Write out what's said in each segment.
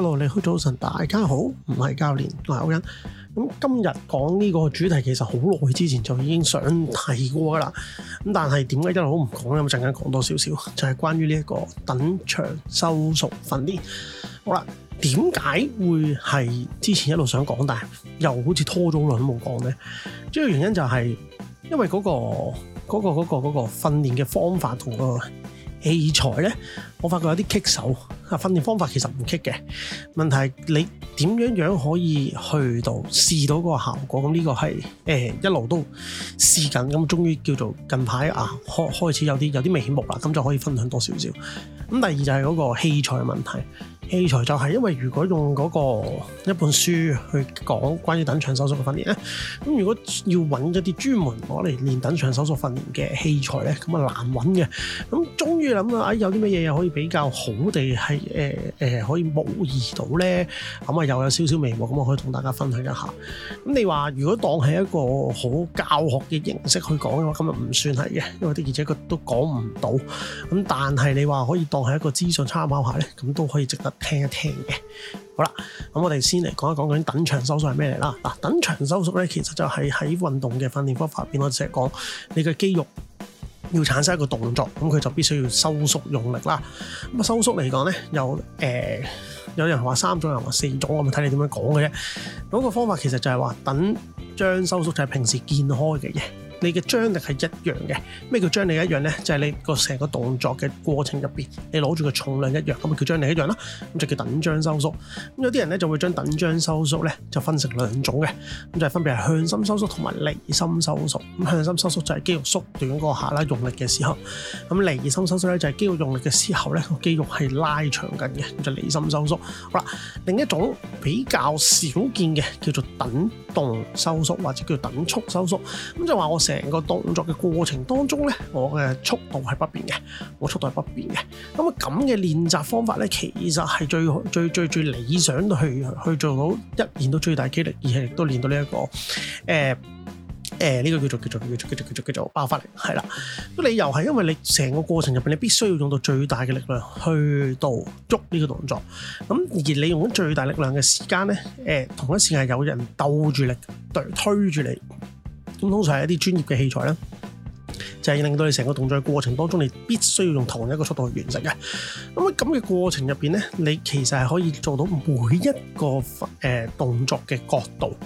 Hello, 你好早晨，大家好，唔係教練，我係歐欣。咁今日講呢個主題，其實好耐之前就已經想提過噶啦。咁但係點解一路唔講咧？咁陣間講多少少，就係關於呢一個等長收縮訓練。好啦，點解會係之前一路想講，但係又好似拖咗好耐都冇講咧？主要原因就係因為嗰個嗰個嗰個嗰個訓練嘅方法同個器材咧，我發覺有啲棘手。訓練方法其實唔棘嘅，問題係你點樣樣可以去到試到嗰個效果？咁呢個係誒、欸、一路都試緊，咁終於叫做近排啊開開始有啲有啲眉目啦，咁就可以分享多少少。咁第二就係嗰個器材嘅問題。器材就係因為如果用嗰個一本書去講關於等長收縮嘅訓練咧，咁如果要揾一啲專門攞嚟練等長收縮訓練嘅器材咧，咁啊難揾嘅。咁終於諗啊，有啲乜嘢可以比較好地係誒誒可以模擬到咧？咁啊又有少少眉目，咁我可以同大家分享一下。咁你話如果當係一個好教學嘅形式去講嘅話，咁啊唔算係嘅，因為的而且確都講唔到。咁但係你話可以當係一個資訊參考下咧，咁都可以值得聽一聽嘅，好啦，咁我哋先嚟講一講究竟等長收縮係咩嚟啦。嗱，等長收縮咧，其實就係喺運動嘅訓練方法入邊，我成日講，你嘅肌肉要產生一個動作，咁佢就必須要收縮用力啦。咁啊，收縮嚟講咧，有誒、呃，有人話三種，人話四種，我咪睇你點樣講嘅啫。嗰、嗰個方法其實就係話等張收縮，就係平時健開嘅嘢。你嘅張力係一樣嘅，咩叫張力一樣咧？就係你個成個動作嘅過程入邊，你攞住個重量一樣，咁咪叫張力一樣啦。咁就叫等張收縮。咁有啲人咧就會將等張收縮咧就分成兩種嘅，咁就係分別係向心收縮同埋離心收縮。咁向心收縮就係肌肉縮短嗰下啦，用力嘅時候。咁離心收縮咧就係肌肉用力嘅時候咧，個肌肉係拉長緊嘅，咁就離心收縮。好啦，另一種比較少見嘅叫做等動收縮或者叫等速收縮。咁就話我。成個動作嘅過程當中咧，我嘅速度係不變嘅，我速度係不變嘅。咁啊，咁嘅練習方法咧，其實係最最最最理想去去做到一，練到最大肌力，而係亦都練到呢、這、一個誒誒呢個叫做叫做叫做叫做叫做叫做爆發力，係啦。個理由係因為你成個過程入邊，你必須要用到最大嘅力量去到喐呢個動作。咁而你用緊最大力量嘅時間咧，誒、呃、同一時間有人鬥住力對推住你。咁通常係一啲專業嘅器材啦，就係令到你成個動作嘅過程當中，你必須要用同一個速度去完成嘅。咁喺咁嘅過程入邊咧，你其實係可以做到每一個誒動作嘅角度，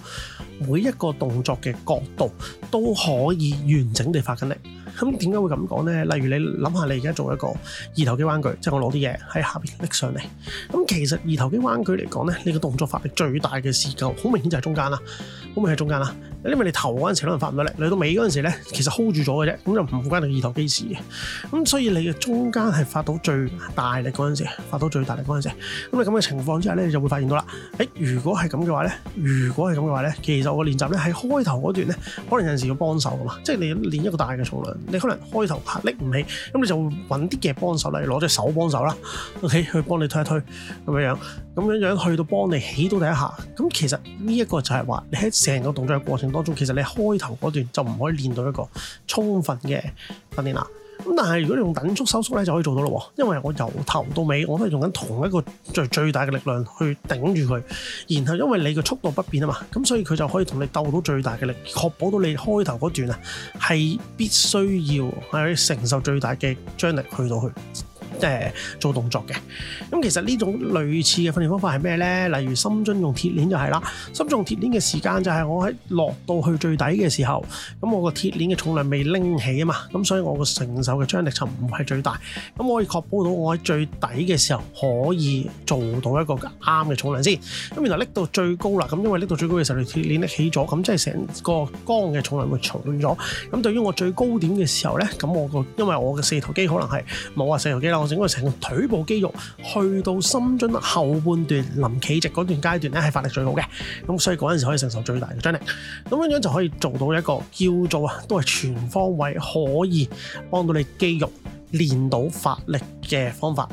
每一個動作嘅角度都可以完整地發緊力。咁點解會咁講咧？例如你諗下，你而家做一個二頭肌彎舉，即係我攞啲嘢喺下邊拎上嚟。咁其實二頭肌彎舉嚟講咧，你個動作發力最大嘅時候，好明顯就係中間啦，好明顯係中間啦。因為你頭嗰陣時可能發唔到力，嚟到尾嗰陣時咧，其實 hold 住咗嘅啫，咁就唔關你二頭肌事嘅。咁所以你嘅中間係發到最大力嗰陣時，發到最大力嗰陣時，咁你咁嘅情況之下咧，你就會發現到啦。誒，如果係咁嘅話咧，如果係咁嘅話咧，其實我練習咧，喺開頭嗰段咧，可能有陣時要幫手噶嘛，即係你練一個大嘅重量。你可能開頭拍拎唔起，咁你就會揾啲嘅幫手嚟攞隻手幫手啦，OK 去幫你推一推咁樣樣，咁樣樣去到幫你起到第一下，咁其實呢一個就係話你喺成個動作嘅過程當中，其實你開頭嗰段就唔可以練到一個充分嘅訓練啦。咁但係如果你用等速收縮咧，就可以做到咯。因為我由頭到尾我都係用緊同一個最最大嘅力量去頂住佢，然後因為你個速度不變啊嘛，咁所以佢就可以同你鬥到最大嘅力，確保到你開頭嗰段啊係必須要去承受最大嘅張力去到佢。誒做動作嘅，咁其實呢種類似嘅訓練方法係咩呢？例如深蹲用鐵鏈就係啦，深蹲用鐵鏈嘅時間就係我喺落到去最底嘅時候，咁我個鐵鏈嘅重量未拎起啊嘛，咁所以我個承受嘅張力就唔係最大，咁我可以確保到我喺最底嘅時候可以做到一個啱嘅重量先。咁原來拎到最高啦，咁因為拎到最高嘅時候，條鐵鏈拎起咗，咁即係成個缸嘅重量會重咗。咁對於我最高點嘅時候呢，咁我個因為我嘅四頭肌可能係冇話四頭肌啦，整個成個腿部肌肉去到深蹲後半段，臨企直嗰段階段咧，係發力最好嘅，咁所以嗰陣時可以承受最大嘅張力，咁樣樣就可以做到一個叫做啊，都係全方位可以幫到你肌肉練到發力嘅方法。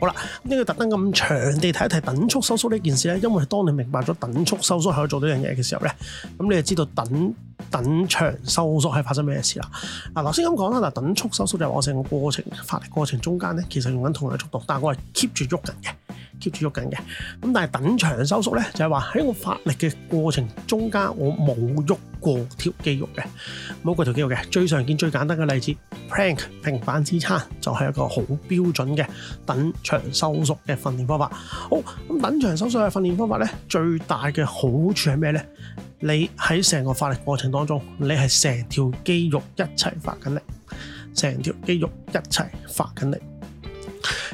好啦，呢個特登咁長地睇一睇等速收縮呢件事咧，因為當你明白咗等速收縮可以做到樣嘢嘅時候咧，咁你就知道等等長收縮係發生咩事啦。嗱，頭先咁講啦，嗱，等速收縮就係我成個過程發力過程中間咧，其實用緊同樣嘅速度，但係我係 keep 住喐緊嘅，keep 住喐緊嘅。咁但係等長收縮咧，就係話喺我發力嘅過程中間，我冇喐過條肌肉嘅，冇喐過條肌肉嘅。最常見、最簡單嘅例子。Plank, 平板支撐就係、是、一個好標準嘅等長收縮嘅訓練方法。好，咁等長收縮嘅訓練方法咧，最大嘅好處係咩咧？你喺成個發力過程當中，你係成條肌肉一齊發緊力，成條肌肉一齊發緊力。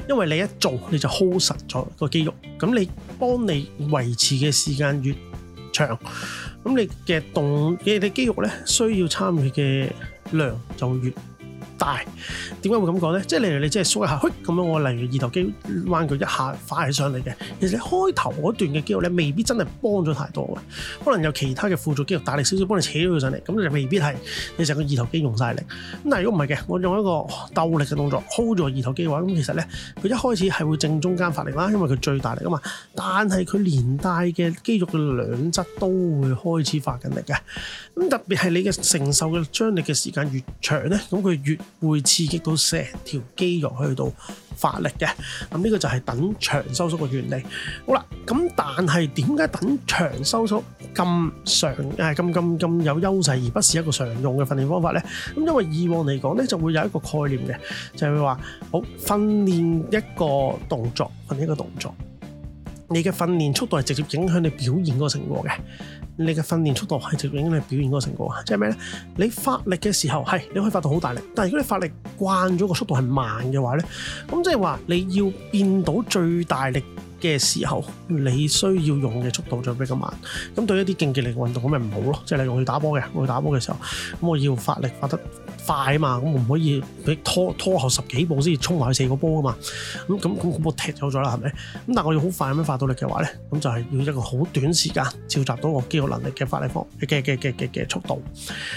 因為你一做你就 hold 實咗個肌肉，咁你幫你維持嘅時間越長，咁你嘅動嘅嘅肌肉咧需要參與嘅量就越但點解會咁講咧？即係例如你即係縮一下，咁樣我例如二頭肌彎佢一下，快起上嚟嘅。其實你開頭嗰段嘅肌肉咧，未必真係幫咗太多嘅，可能有其他嘅輔助肌肉大力少少幫你扯咗佢上嚟，咁就未必係你成個二頭肌用晒力。咁但係如果唔係嘅，我用一個鬥力嘅動作 hold 咗二頭肌嘅話，咁其實咧，佢一開始係會正中間發力啦，因為佢最大力啊嘛。但係佢連帶嘅肌肉嘅兩側都會開始發緊力嘅。咁特別係你嘅承受嘅張力嘅時間越長咧，咁佢越會刺激到成條肌肉去到發力嘅，咁呢個就係等長收縮嘅原理。好啦，咁但係點解等長收縮咁常，呃、咁咁咁有優勢，而不是一個常用嘅訓練方法呢？咁因為以往嚟講呢，就會有一個概念嘅，就係話好訓練一個動作，訓練一個動作。你嘅訓練速度係直接影響你表現嗰個成果嘅，你嘅訓練速度係直接影響你表現嗰個成果。即係咩咧？你發力嘅時候係你可以發到好大力，但係如果你發力慣咗個速度係慢嘅話咧，咁即係話你要變到最大力嘅時候，你需要用嘅速度就比較慢。咁對於一啲競技型運動咁咪唔好咯。即係你用去打波嘅，我打波嘅時候咁我要發力發得快啊嘛，咁唔可以你拖拖後十幾步先衝埋去四個波噶嘛，咁咁咁我踢咗咗啦，係咪？咁但係我要好快咁樣發到力嘅話咧，咁就係要一個好短時間召集到個肌肉能力嘅發力方嘅嘅嘅嘅嘅速度。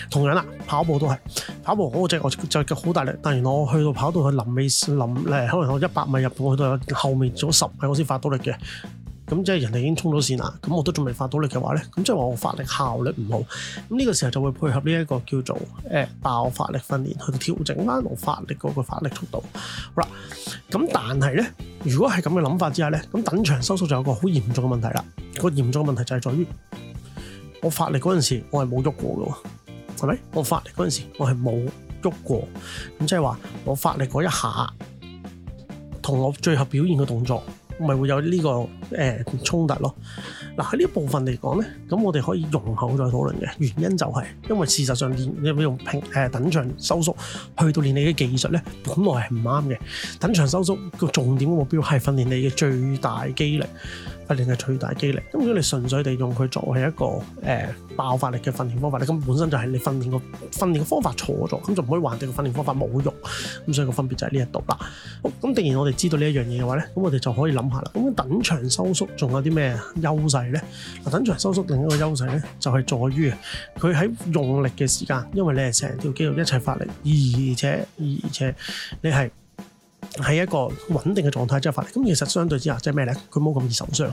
同樣啦，跑步都係跑步，我我就係好大力，但係我去到跑到去臨尾臨誒，可能我一百米入到去到後面咗十米，我先發到力嘅。咁即係人哋已經衝到線啦，咁我都仲未發到力嘅話呢，咁即係話我發力效率唔好，咁呢個時候就會配合呢一個叫做、呃、爆發力訓練去調整翻我發力嗰個發力速度。好啦，咁但係呢，如果係咁嘅諗法之下呢，咁等長收縮就有個好嚴重嘅問題啦。個嚴重嘅問題就係在於我發力嗰陣時，我係冇喐過嘅喎，係咪？我發力嗰陣時我，我係冇喐過，咁即係話我發力嗰一下同我最後表現嘅動作，咪會有呢個誒衝突咯。訓練係最大肌力。咁如果你純粹地用佢作為一個誒、欸、爆發力嘅訓練方法咧，咁本身就係你訓練個訓練嘅方法錯咗，咁就唔可以話你個訓練方法冇用。咁所以個分別就係呢一度啦。好咁，定然我哋知道呢一樣嘢嘅話咧，咁我哋就可以諗下啦。咁等長收縮仲有啲咩優勢咧？嗱，等長收縮另一個優勢咧，就係、是、在於佢喺用力嘅時間，因為你係成條肌肉一齊發力，而且而且你係。喺一個穩定嘅狀態之下發力。咁其實相對之下，即係咩咧？佢冇咁易受傷，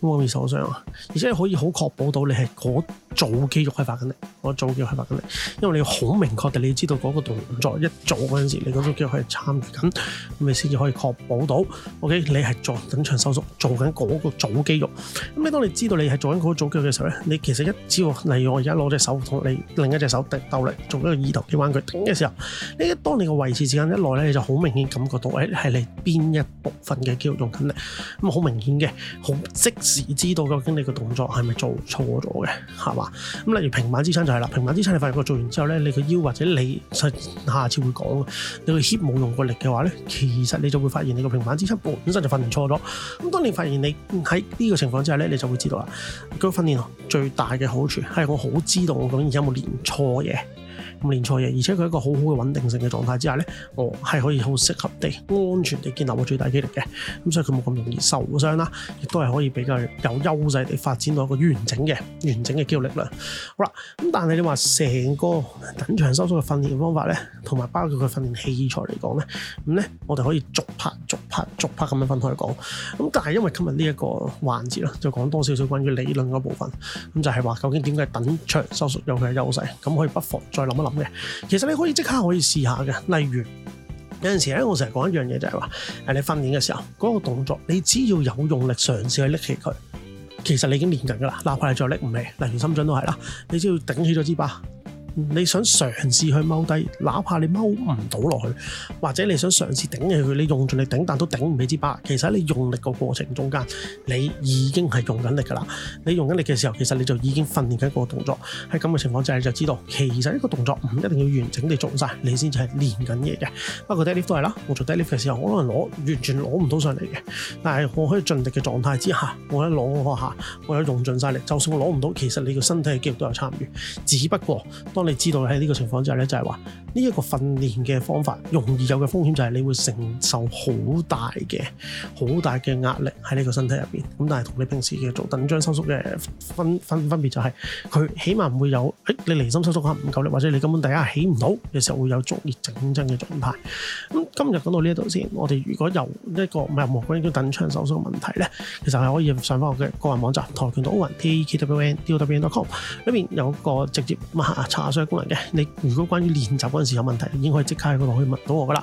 冇咁易受傷啊！而且你可以好確保到你係嗰組肌肉開發緊力，嗰組肌肉開發緊力。因為你好明確地，你知道嗰個動作一做嗰陣時，你嗰組肌肉係參與緊，咁你先至可以確保到，OK？你係做緊等長收縮，做緊嗰個組肌肉。咁你當你知道你係做緊嗰組肌肉嘅時候咧，你其實一只要例如我而家攞隻手同你另一隻手掟鬥力，做一個二頭肌彎舉，頂嘅時候，呢一當你嘅維持時間一耐咧，你就好明顯感覺到。喂，係你邊一部分嘅肌肉用緊力，咁好明顯嘅，好即時知道究竟你個動作係咪做錯咗嘅，係嘛？咁例如平板支撐就係啦，平板支撐你發現我做完之後咧，你個腰或者你，實下次會講你個 hip 冇用過力嘅話咧，其實你就會發現你個平板支撐本身就訓練錯咗。咁當你發現你喺呢個情況之下咧，你就會知道啦。佢、那個、訓練最大嘅好處係我好知道我究竟有冇練錯嘢。咁練錯嘅，而且佢一個好好嘅穩定性嘅狀態之下呢，我、哦、係可以好適合地、安全地建立我最大肌力嘅，咁、嗯、所以佢冇咁容易受傷啦，亦都係可以比較有優勢地發展到一個完整嘅、完整嘅肌肉力量。好啦，咁但係你話成個等長收縮嘅訓練方法呢，同埋包括佢訓練器材嚟講呢，咁呢，我哋可以逐拍、逐拍、逐拍咁樣分開講。咁但係因為今日呢一個環節啦，就講多少少關於理論嗰部分，咁就係話究竟點解等長收縮有佢嘅優勢，咁可以不妨再諗一諗。其實你可以即刻可以試下嘅，例如有陣時咧，我成日講一樣嘢就係話，誒，你訓練嘅時候，嗰個動作你只要有用力嘗試去拎起佢，其實你已經練緊噶啦，哪怕係再拎唔起，例如深蹲都係啦，你只要頂起咗支把。你想嘗試去踎低，哪怕你踎唔到落去，或者你想嘗試頂起佢，你用盡力頂，但都頂唔起支巴。其實喺你用力個過程中間，你已經係用緊力㗎啦。你用緊力嘅時候，其實你就已經訓練緊一個動作。喺咁嘅情況就係你就知道，其實呢個動作唔一定要完整地做晒，你先至係練緊嘢嘅。不過 deadlift 都係啦，我做 deadlift 嘅時候，可能攞完全攞唔到上嚟嘅，但係我可以盡力嘅狀態之下，我一攞我下，我有用盡晒力，力。就算我攞唔到，其實你個身體嘅肌肉都有參與。只不過，當你知道喺呢個情況之下咧，就係話呢一個訓練嘅方法容易有嘅風險就係你會承受好大嘅好大嘅壓力喺呢個身體入邊。咁但係同你平時嘅做等張收縮嘅分分分別就係佢起碼唔會有誒你離心收縮可能唔夠力，或者你根本第一起唔到嘅時候會有足熱整身嘅狀態。咁今日講到呢一度先，我哋如果由呢一個唔係無關於等張收縮問題咧，其實係可以上翻我嘅個人網站跆拳道 Owentkwn.twn.com 裏面有個直接乜啊查。相功能嘅，你如果關於練習嗰陣時有問題，已經可以即刻喺嗰度去問到我㗎喇。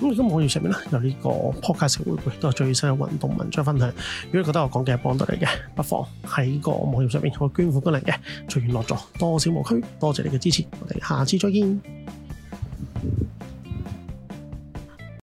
咁而家網頁上面咧有呢個 Podcast 會會都係最新嘅運動文章分享。如果你覺得我講嘅係幫到你嘅，不妨喺個網頁上面可以捐款功能嘅，隨緣樂助，多少無虛。多謝你嘅支持，我哋下次再見。